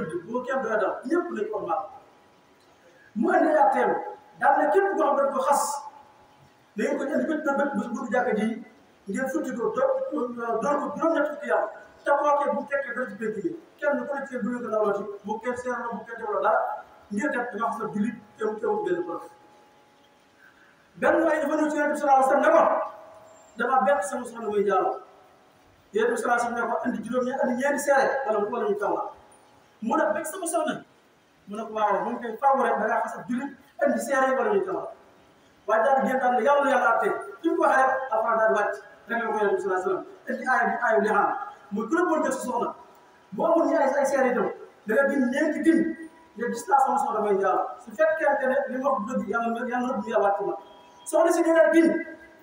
dëgg daal ñëpp lañ ko mu indi ne képp xas da ko indi bët na bët bu bu jàkka ji ngeen futti ko doon te koo bu fekkee dara ci pénc bi kenn ku nekk seen bu ñu ko dawloo ci bu kenn seer na bu kenn defloo dara ngeen def da nga xam ne jullit teew teew benn ko benn waay dafa ñëw ci yonent bi sallallahu alayhi wasallam ne ko dama juróom-ñeent andi ñeenti seere wala wala ñu taw la mu ne bëgg sama soxna mu ne ko waaw moom kay faaw rek da ngaa xas a jullit indi seere wala ñu taw waaye daal génn daal yàlla yàlla àtte fi mu ko waxee rek alxuraan daal wàcc da nga ko yàlla sallallahu alayhi wasallam indi aaya bi aayu li xam mu gën a bon jëf si soxna boo amul ñu ay ay seere itam da nga gis ñeenti gin ne gis naa sama soxna may jàll su fekkente ne li mu wax dëgg yàlla yàlla rëbb yàlla wàcc ma soxna si dina gin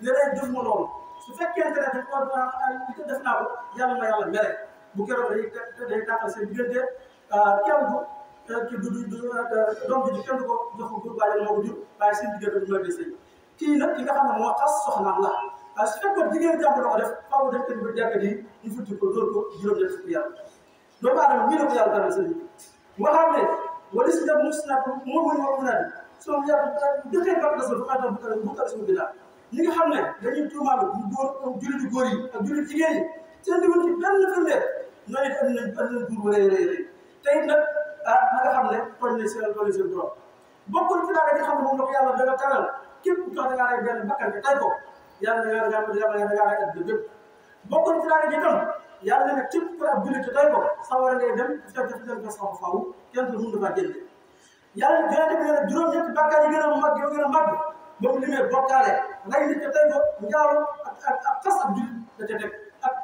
ne day jëf ma loolu su fekkente ne daf ko def naa ko yàlla ma yàlla mere bu keroog day day tàqal seen diggante Euh, euh, kenn du du du euh, doom bi kenn du ko jox ko góor jur waaye seen diggante du ñooy sëy kii nag ki nga xam ne moo tas soxnaam la waaye su fekkoon jigéen jàpp la ko def faaw def kenn bu jàkk di ñu futti ko dóor ko juróom-ñett fukki yàlla doomu aadama ñu ne ko yàlla dara sëñ bi waxaam na moom mooy moom naa soo yàlla joxee bàq la sa bu xaatam bu tal suñu bidaa ñi nga xam ne dañuy tuumaal ñu góor jullit góor yi ak jullit jigéen yi seen diwul ci tey nag ah na nga xam ne tooñ nañ seen tooñ seen borom bokkul ci daara nga xam ne moom la ko yàlla dana taral képp ku jox da ngaa rey benn bakkan nga tay ko yàlla na yàlla na yàlla na yàlla na bépp bokkul ci daara ji tam yàlla na képp ku ab jullit tay ko sawara ngay dem bu fekkee fi ngeen ko saw faaw kenn du mun na faa génne yàlla gën a def ne juróom-ñetti bakkaar yi gën a mag yoo gën a mag ba mu limee bokkaale rey nit tay ko njaaru ak ak ak tas ab jullit da ca teg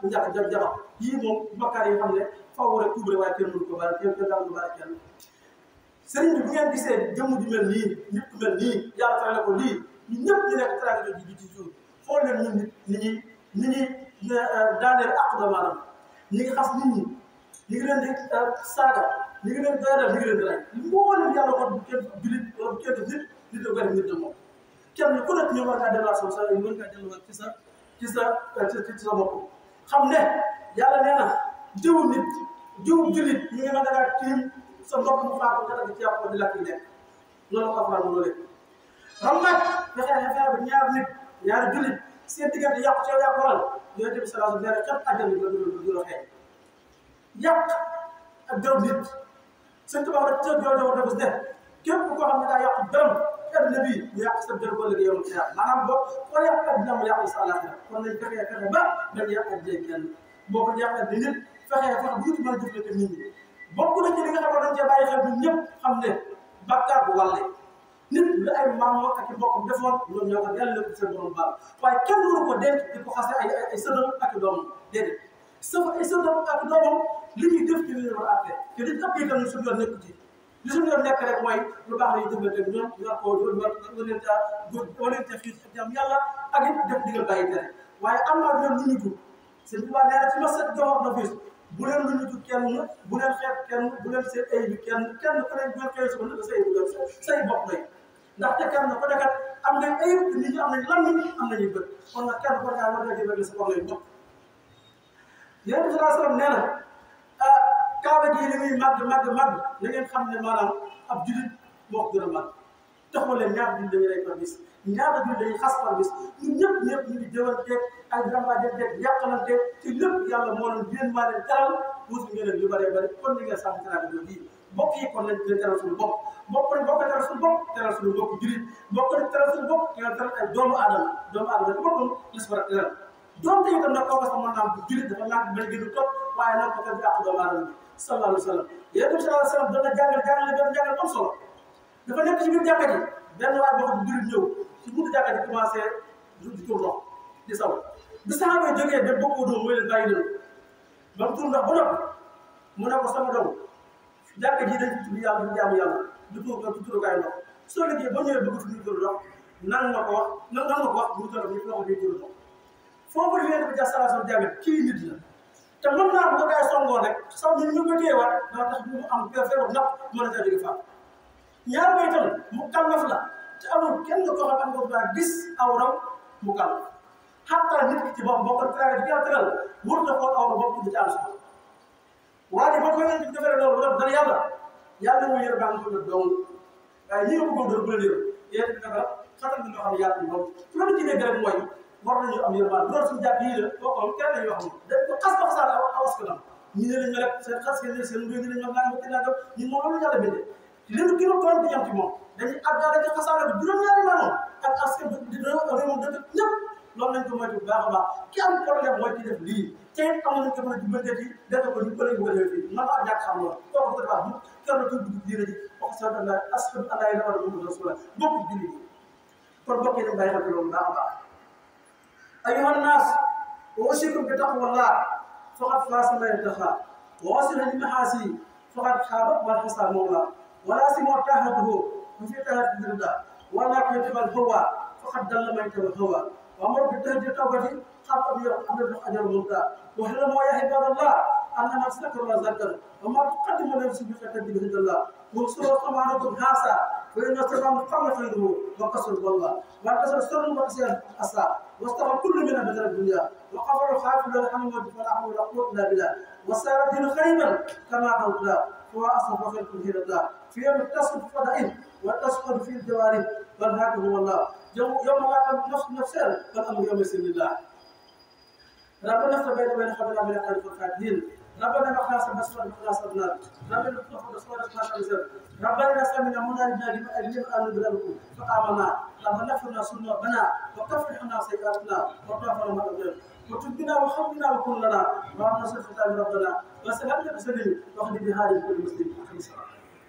njax jaf jafa yii moom bakkaar yi xam ne faw rek tuub waaye kenn mënu ko baal kenn kenn ko baal kenn sëriñ bi bu ngeen gisee jëmm ju mel nii nit ku mel nii yàlla tànn ko lii ñu ñëpp ñu nekk traité ji ci suuf xool leen ñun nit ñi nit ñi ñu euh, daaneel àq ba maanaam ñu ngi xas nit ñi ñu ngi leen di euh, saaga ñu ngi leen di doyadal ñu ngi leen di rey mbooleem yàlla ko bu kenn julit bu kenn nit nit da ko def nit da moom kenn ku nekk ñu war ngaa déplacé sa mën ngaa delluwaat ci sa ci sa euh, ci sa bopp xam ne yàlla nee na jiwu nit jiwu jullit ñi nga xam ne daal tiim sa mbokk mu faatu nga dagg ci yàpp ko di lakk yi lekk loolu ko faral mu loolee xam nag fexe fexe ba ñaar nit ñaari jullit seen diggante yàqu ci yàqu waral yooyu tamit salaasu nee na xet àjjana la du la nit seen tubaab rek ca joojo war na bés ne képp koo xam ne daa yàqu dërëm adduna bi ñu yàq sa dër wala yow ci yàq maanaam boo koo yàq adduna mu yàq sa àllaxira kon nañ fexe fexe ba bañ yàq adduna kenn boo ko yàq adduna nit fexe fexe bu ñu mën a jëflante nit ñi bokk na ci li nga xam ne dañ cee bàyyi xel ñun ñëpp xam ne bakkaar bu wàlle nit lu ay maam ak i mbokkam defoon ñoom ñoo ko yàlla ko seen borom baal waaye kenn waru ko denc di ko xase ay ay sëdam ak i doomam déedéet sa ay sëdam ak i doomam li ñuy def ci li ñu war a àtte te li tax itam suñu yoon nekk ci li suñu doon nekk rek mooy lu baax lay dimbanteeg ñoom ñor ko leen a wóolante fii jàmm yàlla ak it def digal bàyyi tere waaye am naa ñoom ñu ñu jub sëñ bi waa nee na fi ma set joxoon na bis bu leen lu ñu jub kenn bu leen xeeb kenn bu leen seet ay bi kenn kenn ku leen ñor xëy suba na say bu doon say bopp lay ndaxte kenn ku nekkat am nga ay nit ñi am nañ lan nit am nañu bët kon nag kenn ku nekkat war nga jëfandikoo sa bopp lay bopp yéen bi salaa salaam nee na kaaba gi li muy màgg màgg màgg na ngeen xam ne maanaam ab julit moo ko gën a màgg taxul leen ñaata jullit dañuy rey par bis ñaata jullit dañuy xas par bis ñun ñëpp ñëpp ñu ngi jëwanteeg ay rambaajanteeg yàqalanteeg te lépp yàlla moo leen yéen maa leen teral wuutu ngeen leen lu bëree bëri kon ni ngeen sàmm teral bi bii mbokk yi kon lañ leen teral suñu bopp mbokk ne bokk teral suñu bopp teral suñu bopp jullit mbokk ne teral suñu bopp teral teral ay doomu aadama doomu aadama dafa boppam la si war a teral doonte itam nag kooku sax mën naa am jullit dafa laaj mën gën a topp waaye nag bu ko fi àq doomu aadama bi sallallahu alayhi wa sallam yéen bi sallallahu alayhi wa sallam doon na jàngal jàngale doon jàngal am solo dafa nekk ci biir jàkka ji benn waay boo xam ne ñëw ci buntu jàkka ji commencé di tuur ndox di saw bi saxaaba yi jógee dem bokkoo doom mooy leen bàyyi leen ba mu tuur ndox bu noppi mu ne ko sama doom jàkka ji dañ tudd yàlla di jaamu yàlla di tuur ko di tuur kaay ndox soo liggéey ba ñëwee bëgg tudd tuur ndox nan nga ko wax nan nga ko wax bu ñu toll nii loxo bi tuur ndox foofu li ngeen di ko jàpp sallallahu alayhi wa sallam jàngal kii nit la te mën naa am ko gars yi songoon rek sax ñun ñu ko téyewaat dana tax ñu am feebar napp mën a jóge fa ñaar mooy itam mu kàllaf la te amul kenn koo xam ne am gis aw raw mu kàllaf xataa nit ki ci boppam boo ko traité bi nga tëral wër na xool aw raw waaye boo ko yëngati bi defaree loolu loolu dana yàlla yàlla mu yër baa nga ko doon waaye ñi nga ko góor bu la yër bi nga xam ne yàlla moom loolu war nañu am yërmaan bu doon suñu jàpp yii la kooku kenn lañu wax dañ ko xas ba xasaale aw askanam ñu ne lañ ma rek seen xas ngeen seen mbéy ñu ne ñoom naa gën a def ñu moom loolu yàlla bindee léegi gën a toon di yem ci moom dañuy àggaale ci xasaale bi juróom-ñaari maanoon ak askan di réewam dëkk ñëpp loolu nañ ko moytu bu baax a baax ki am problème mooy ci def lii te it am nañ ko mën a jubbante yi def ko ñu bëri bu ko defee fii man maa ñàkk xam loolu kooku ko defaa bu kenn tudd diine ji wax sa Allah askan Allah yi dafa la bokk rasula bokk julli kon bokk yi dañ bàyyi xel loolu baax a baax أيها الناس أوصيكم بتقوى الله فقد فاز من اتقى وأوصل للمحاسن فقد خاب من حسن مولى ولا سمع تهده وفي تهد الدردة ولا كتب الهوى فقد دل من الهوى وأمر بالتهجد التوبة حتى بيقبل أجر الملقى واعلموا يا عباد الله أن نفسك الله ذكر وما تقدم لنفسك بفتد بهد الله واغسلوا طمانكم هاسا فإن استقام قام خيره وقصر الله وقصر السر وقصر أسا واستوى كل من بدل الدنيا وقبر الخائف لا حمل ولا حول ولا قوه الا بالله وسار الدين خيما كما قلنا هو اصل خير كثير الله في يوم تصف فدائم وتسقط في الجوارح بل هذا هو الله يوم يوم لا تملك نفس نفسا فالامر يوم يسر الله ربنا افتح بين خبرنا خبرنا بالحق الفاتحين ربنا ما خلصنا بس ما خلصنا ربنا نطلب بس ما خلصنا ربنا لا سمعنا منا لنا لنا أهل بلادكم فقامنا ربنا فرنا سنة بنا وكفر حنا سيئاتنا ربنا فرنا مدرنا وتدنا وحبنا وكلنا ربنا سبحانه ربنا وسلامنا بسلم وخذ بهذه كل مسلم أخي سلام